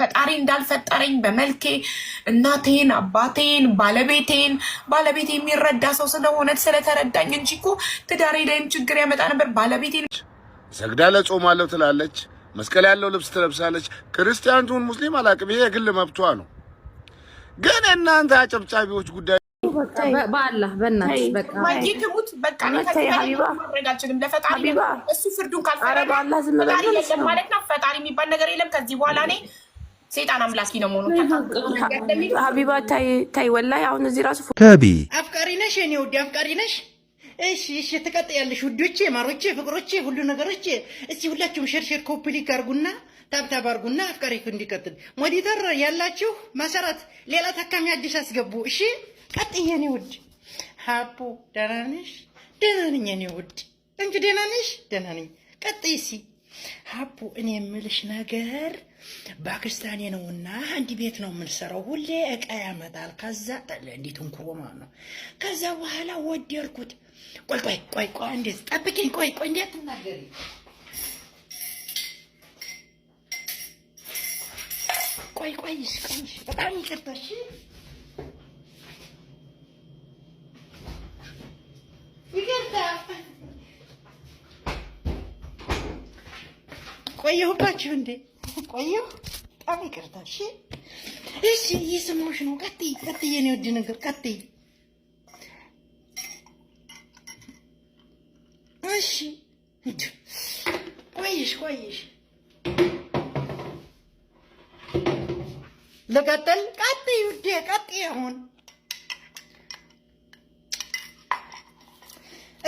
ፈጣሪ እንዳልፈጠረኝ በመልኬ እናቴን፣ አባቴን፣ ባለቤቴን ባለቤቴ የሚረዳ ሰው ስለሆነ ስለተረዳኝ እንጂ እኮ ትዳሬ ላይም ችግር ያመጣ ነበር። ባለቤቴን ሰግዳ ለጾማለሁ ትላለች፣ መስቀል ያለው ልብስ ትለብሳለች። ክርስቲያን ትሁን ሙስሊም አላውቅም፣ ይሄ የግል መብቷ ነው። ግን እናንተ አጨብጫቢዎች ጉዳይ በአላህ በእናትሽ በቃ ትሙት በቃ ነው። አልችልም። ለፈጣሪ እሱ ፍርዱን ካልፈረደ ፈጣሪ የለም ማለት ነው። ፈጣሪ የሚባል ነገር የለም ከዚህ በኋላ እኔ ሴጣን አምላኪ ነው መሆኑ ሀቢባ ታይ ወላሂ አሁን እዚህ ራሱ ከቢ አፍቃሪ ነሽ የኔ ውዴ አፍቃሪ ነሽ። እሺ እሺ፣ ትቀጥያለሽ ውዶቼ፣ ማሮቼ፣ ፍቅሮቼ፣ ሁሉ ነገሮቼ። እስቲ ሁላችሁም ሸርሸር ኮፕሊክ አርጉና ታብታብ አርጉና አፍቃሪ እንዲቀጥል ሞዲተር ያላችሁ መሰረት፣ ሌላ ታካሚ አዲስ አስገቡ። እሺ ቀጥዬ የኔ ውድ ሀቡ ደህና ነሽ? ደህና ነኝ የኔ ውድ እንጂ ደህና ነሽ? ደህና ነኝ። ቀጥይ እስኪ ሀቡ እኔ የምልሽ ነገር ፓኪስታኔ ነውና አንድ ቤት ነው የምንሰራው። ሁሌ እቃ ያመጣል። ከዛ እንዴት እንኩሮ ማለት ነው። ከዛ በኋላ ወደድኩት። ቆይ ቆይ ቆይ ቆይ እንዴት ጠብቂኝ። ቆይ ቆይ እንዴት ትናገሪ ቆይ ቆይ፣ በጣም ይቅርታሽ። ዘገየሁባችሁ እንዴ? ቆየሁ። በጣም ይቅርታ። እሺ፣ እሺ፣ እየሰማሁሽ ነው። ቀጥይ፣ ቀጥይ፣ የኔ ውድ ነገር ቀጥይ። እሺ፣ ቆየሽ ቆይሽ። ልቀጥል? ቀጥይ ውዴ፣ ቀጥይ አሁን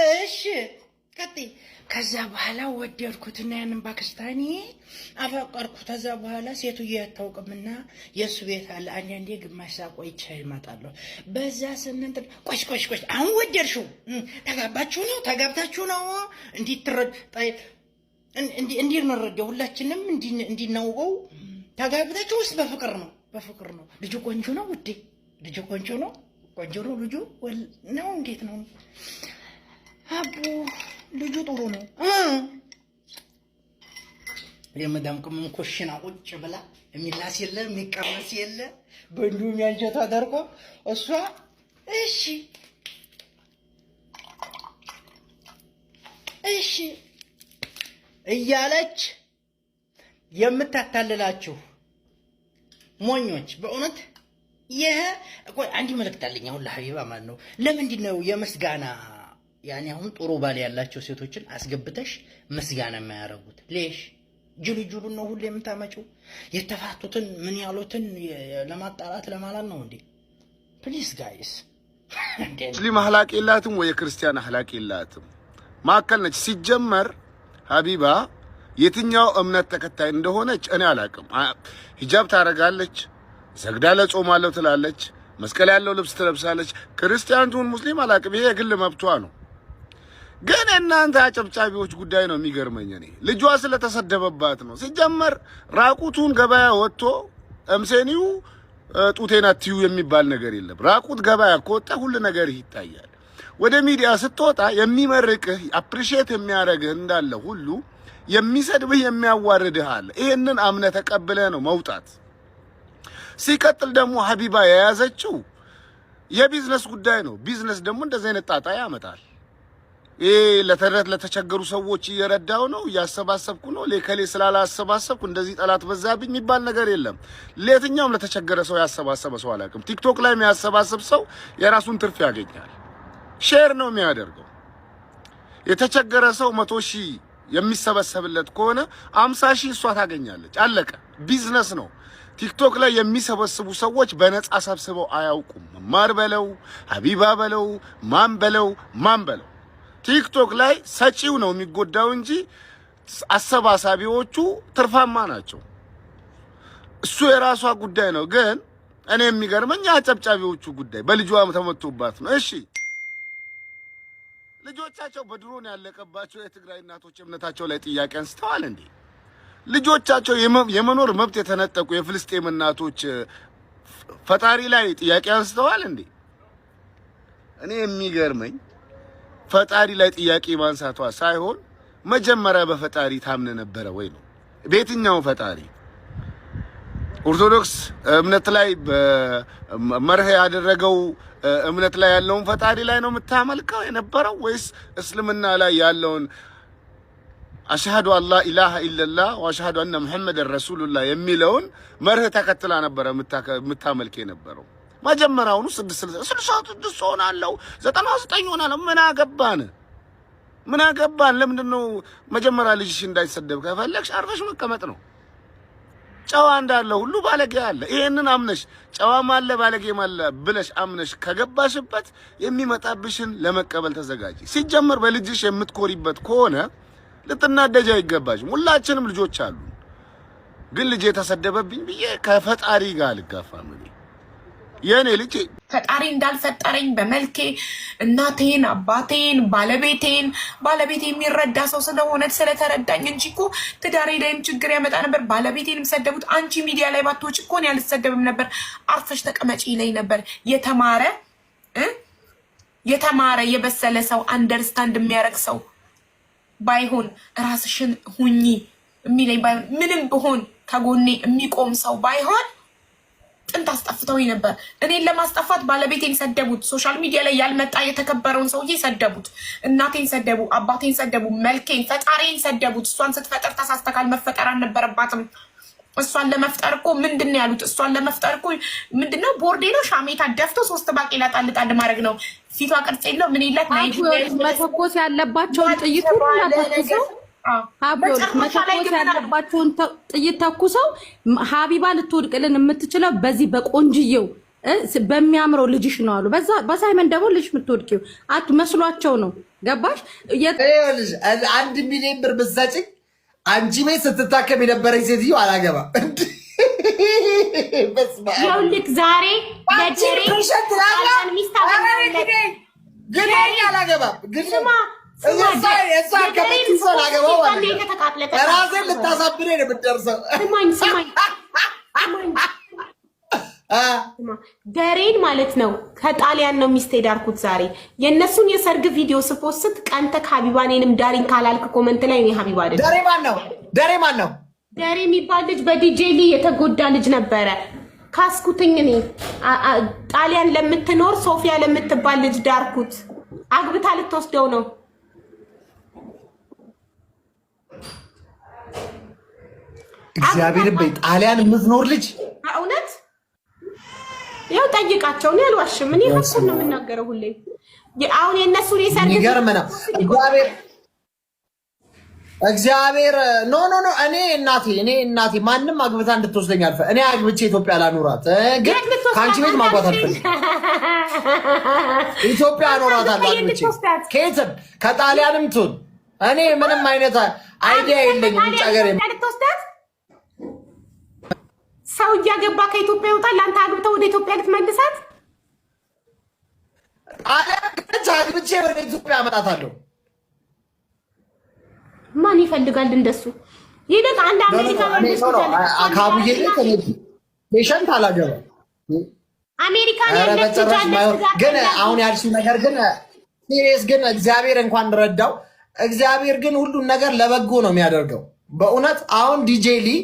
እሺ ቀጥይ። ከዛ በኋላ ወደድኩትና ያንን ፓኪስታኒ አፈቀርኩ። ከዛ በኋላ ሴትዮ አታውቅምና የእሱ ቤት አለ። አንዳንዴ ግማሽ ሰዓት ቆይቼ እመጣለሁ። በዛ ስንት ቆሽ ቆሽ ቆሽ፣ አሁን ወደድሽው? ተጋባችሁ ነው ተጋብታችሁ ነው እንዲትረድ እንዲህ እንረዳ ሁላችንም እንዲናውቀው ተጋብታችሁ ውስጥ በፍቅር ነው በፍቅር ነው። ልጁ ቆንጆ ነው ውዴ፣ ልጁ ቆንጆ ነው ቆንጆ ነው ልጁ ነው። እንዴት ነው አቡ ልጁ ጥሩ ነው። የመዳም ቅመም ኮሽና ቁጭ ብላ የሚላስ የለ የሚቀመስ የለ በእንዲሁም ያንጀቷ ደርቆ እሷ እሺ እሺ እያለች የምታታልላችሁ ሞኞች በእውነት ይሄ አንድ መልእክት አለኝ አሁን ለሀቢባ ማለት ነው። ለምንድን ነው የምስጋና ያኔ አሁን ጥሩ ባል ያላቸው ሴቶችን አስገብተሽ ምስጋና የማያደርጉት ሌሽ ጅሉ ነው ሁሌ የምታመጪው። የተፋቱትን ምን ያሉትን ለማጣራት ለማላል ነው እንዴ? ፕሊስ ጋይስ፣ ሙስሊም አህላቅ የላትም ወይ የክርስቲያን አህላቅ የላትም፣ ማዕከል ነች። ሲጀመር ሀቢባ የትኛው እምነት ተከታይ እንደሆነች እኔ አላቅም። ሂጃብ ታደርጋለች፣ ሰግዳ ለጾም አለው ትላለች፣ መስቀል ያለው ልብስ ትለብሳለች። ክርስቲያን ትሁን ሙስሊም አላቅም፣ ይሄ የግል መብቷ ነው። ግን እናንተ አጨብጫቢዎች ጉዳይ ነው የሚገርመኝ። እኔ ልጇ ስለተሰደበባት ነው። ሲጀመር ራቁቱን ገበያ ወጥቶ እምሴኒው ጡቴና አትዩ የሚባል ነገር የለም። ራቁት ገበያ ከወጣ ሁሉ ነገር ይታያል። ወደ ሚዲያ ስትወጣ የሚመርቅህ አፕሪሼት የሚያደርግህ እንዳለ ሁሉ የሚሰድብህ የሚያዋርድህ አለ። ይህንን አምነህ ተቀብለህ ነው መውጣት። ሲቀጥል ደግሞ ሀቢባ የያዘችው የቢዝነስ ጉዳይ ነው። ቢዝነስ ደግሞ እንደዚህ አይነት ጣጣ ያመጣል። ይሄ ለተረት ለተቸገሩ ሰዎች እየረዳው ነው እያሰባሰብኩ ነው። ሌከሌ ስላላሰባሰብኩ እንደዚህ ጠላት በዛብኝ የሚባል ነገር የለም። ለየትኛውም ለተቸገረ ሰው ያሰባሰበ ሰው አላውቅም። ቲክቶክ ላይ የሚያሰባሰብ ሰው የራሱን ትርፍ ያገኛል። ሼር ነው የሚያደርገው። የተቸገረ ሰው መቶ ሺህ የሚሰበሰብለት ከሆነ አምሳ ሺህ እሷ ታገኛለች። አለቀ። ቢዝነስ ነው። ቲክቶክ ላይ የሚሰበስቡ ሰዎች በነፃ ሰብስበው አያውቁም። ማር በለው፣ ሀቢባ በለው፣ ማን በለው ማን በለው ቲክቶክ ላይ ሰጪው ነው የሚጎዳው እንጂ አሰባሳቢዎቹ ትርፋማ ናቸው። እሱ የራሷ ጉዳይ ነው። ግን እኔ የሚገርመኝ አጨብጫቢዎቹ ጉዳይ በልጇ ተመቶባት ነው። እሺ ልጆቻቸው በድሮን ያለቀባቸው የትግራይ እናቶች እምነታቸው ላይ ጥያቄ አንስተዋል እንዴ? ልጆቻቸው የመኖር መብት የተነጠቁ የፍልስጤም እናቶች ፈጣሪ ላይ ጥያቄ አንስተዋል እንዴ? እኔ የሚገርመኝ ፈጣሪ ላይ ጥያቄ ማንሳቷ ሳይሆን መጀመሪያ በፈጣሪ ታምነ ነበረ ወይ ነው። በየትኛው ፈጣሪ ኦርቶዶክስ እምነት ላይ መርህ ያደረገው እምነት ላይ ያለውን ፈጣሪ ላይ ነው የምታመልከው የነበረው ወይስ እስልምና ላይ ያለውን አሽሃዱ አላ ኢላሃ ኢለላህ ወአሽሃዱ አነ ሙሐመድ ረሱሉላህ የሚለውን መርህ ተከትላ ነበረ የምታመልክ የነበረው? መጀመሪያውኑ ስድስት ስልሳ ስድስት ሆናለሁ ዘጠና ዘጠኝ ሆናለሁ። ምን አገባን? ምን አገባን? ለምንድን ነው መጀመሪያ ልጅሽ እንዳይሰደብ ከፈለግሽ አርፈሽ መቀመጥ ነው። ጨዋ እንዳለ ሁሉ ባለጌ አለ። ይሄንን አምነሽ ጨዋም አለ ባለጌም አለ ብለሽ አምነሽ ከገባሽበት የሚመጣብሽን ለመቀበል ተዘጋጂ። ሲጀመር በልጅሽ የምትኮሪበት ከሆነ ልትናደጂ አይገባሽም። ሁላችንም ልጆች አሉ። ግን ልጅ የተሰደበብኝ ብዬ ከፈጣሪ ጋር ልጋፋ ምን የእኔ ልጅ ፈጣሪ እንዳልፈጠረኝ በመልኬ እናቴን፣ አባቴን፣ ባለቤቴን ባለቤቴ የሚረዳ ሰው ስለሆነ ስለተረዳኝ እንጂ እኮ ትዳሬ ላይም ችግር ያመጣ ነበር። ባለቤቴን የሚሰደቡት አንቺ ሚዲያ ላይ ባትወጪ እኮ እኔ አልሰደብም ነበር። አርፈሽ ተቀመጪ ላይ ነበር የተማረ የተማረ የበሰለ ሰው አንደርስታንድ የሚያደርግ ሰው ባይሆን ራስሽን ሁኚ የሚለኝ ባይሆን ምንም ብሆን ከጎኔ የሚቆም ሰው ባይሆን ጥንት አስጠፍተው ነበር። እኔን ለማስጠፋት ባለቤቴን ሰደቡት። ሶሻል ሚዲያ ላይ ያልመጣ የተከበረውን ሰውዬ ሰደቡት። እናቴን ሰደቡ፣ አባቴን ሰደቡ፣ መልኬን፣ ፈጣሪን ሰደቡት። እሷን ስትፈጥር ተሳስተካል፣ መፈጠር አልነበረባትም። እሷን ለመፍጠር እኮ ምንድን ነው ያሉት? እሷን ለመፍጠር እኮ ምንድን ነው ቦርዴ ነው ሻሜታ ደፍቶ ሶስት ባቄላ ጣል ጣል ማድረግ ነው። ፊቷ ቅርጽ የለው ምን ይላት ናይ መተኮስ ያለባቸውን ጥይት ሁሉ ያለባቸውን ጥይት ተኩሰው ሀቢባ ልትወድቅልን የምትችለው በዚህ በቆንጅየው በሚያምረው ልጅሽ ነው አሉ። በሳይመን ደግሞ ልጅ የምትወድቂው አት መስሏቸው ነው። ገባሽ? አንድ ሚሊዮን ብር አንቺ ቤት ስትታከም የነበረኝ ሴትዮ አላገባ ይኸውልህ ዛሬ ለጀሬ ሚስት አላገባም ራሴን ነው የምትደርሰው። ደሬን ማለት ነው ከጣሊያን ነው ሚስት ዳርኩት። ዛሬ የእነሱን የሰርግ ቪዲዮ ስፖስት ቀንተክ ሀቢባ እኔንም ዳሪን ካላልክ ኮመንት ላይ እኔ ሀቢባ ደሬ ማን ነው? ደሬ ማን ነው? ደሬ የሚባል ልጅ በዲጄሊ የተጎዳ ልጅ ነበረ። ካስኩትኝ እኔ ጣሊያን ለምትኖር ሶፊያ ለምትባል ልጅ ዳርኩት። አግብታ ልትወስደው ነው እግዚአብሔር በይ ጣሊያን የምትኖር ልጅ እውነት ያው ጠይቃቸው። ነው ያልዋሽ ምን ሀሳብ ነው የምናገረው ሁሌ። አሁን የእነሱን የሰርግ ይገርም እግዚአብሔር እግዚአብሔር ኖ ኖ ኖ እኔ እናቴ እኔ እናቴ ማንም አግብታ እንድትወስደኝ አልፈ እኔ አግብቼ ኢትዮጵያ ላኖራት፣ ግን ከአንቺ ቤት ማግባት አልፈልግም። ኢትዮጵያ አኖራታለሁ አግብቼ ከየትም ከጣሊያንም ትሁን እኔ ምንም አይነት አይዲያ የለኝም። ጫገር ሀገር ልትወስዳት ሰው እያገባ ከኢትዮጵያ ይወጣል። ለአንተ አግብተው ወደ ኢትዮጵያ ልትመልሳት አለች። አግብቼ ወደ ኢትዮጵያ አመጣታለሁ። ማን ይፈልጋል እንደሱ? ይልቅ አንድ አሜሪካ ፔሸንት አላገባ አሜሪካን ግን አሁን ያልሽው ነገር ግን ሲሪየስ ግን እግዚአብሔር እንኳን ረዳው። እግዚአብሔር ግን ሁሉን ነገር ለበጎ ነው የሚያደርገው። በእውነት አሁን ሊ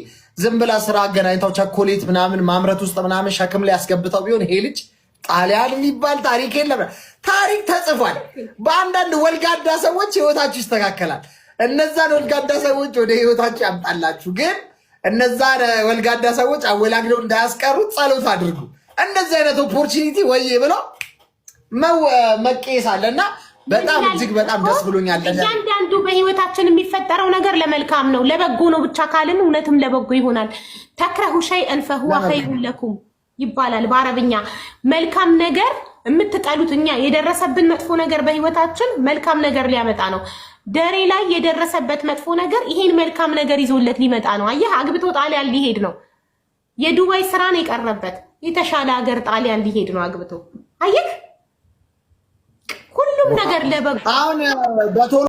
ዝም ብላ ስራ አገናኝታው ቸኮሌት ምናምን ማምረት ውስጥ ምናምን ሸክም ላይ ያስገብተው ቢሆን ይሄ ልጅ ጣሊያን የሚባል ታሪክ የለም። ታሪክ ተጽፏል። በአንዳንድ ወልጋዳ ሰዎች ህይወታችሁ ይስተካከላል። እነዛን ወልጋዳ ሰዎች ወደ ህይወታችሁ ያምጣላችሁ። ግን እነዛን ወልጋዳ ሰዎች አወላግደው እንዳያስቀሩት ጸሎት አድርጉ። እንደዚህ አይነት ኦፖርቹኒቲ ወይ ብሎ መቄስ አለና በጣም እጅግ በጣም ደስ ብሎኛል። እያንዳንዱ በህይወታችን የሚፈጠረው ነገር ለመልካም ነው፣ ለበጎ ነው ብቻ ካልን እውነትም ለበጎ ይሆናል። ተክረሁ ሸይአን ፈሁወ ኸይሩን ለኩም ይባላል በአረብኛ። መልካም ነገር የምትጠሉት እኛ የደረሰብን መጥፎ ነገር በህይወታችን መልካም ነገር ሊያመጣ ነው። ደሬ ላይ የደረሰበት መጥፎ ነገር ይሄን መልካም ነገር ይዞለት ሊመጣ ነው። አየህ፣ አግብቶ ጣሊያን ሊሄድ ነው። የዱባይ ስራን የቀረበት የተሻለ ሀገር ጣሊያን ሊሄድ ነው አግብቶ አየህ ሁሉም ነገር ለበጎ አሁን በቶሎ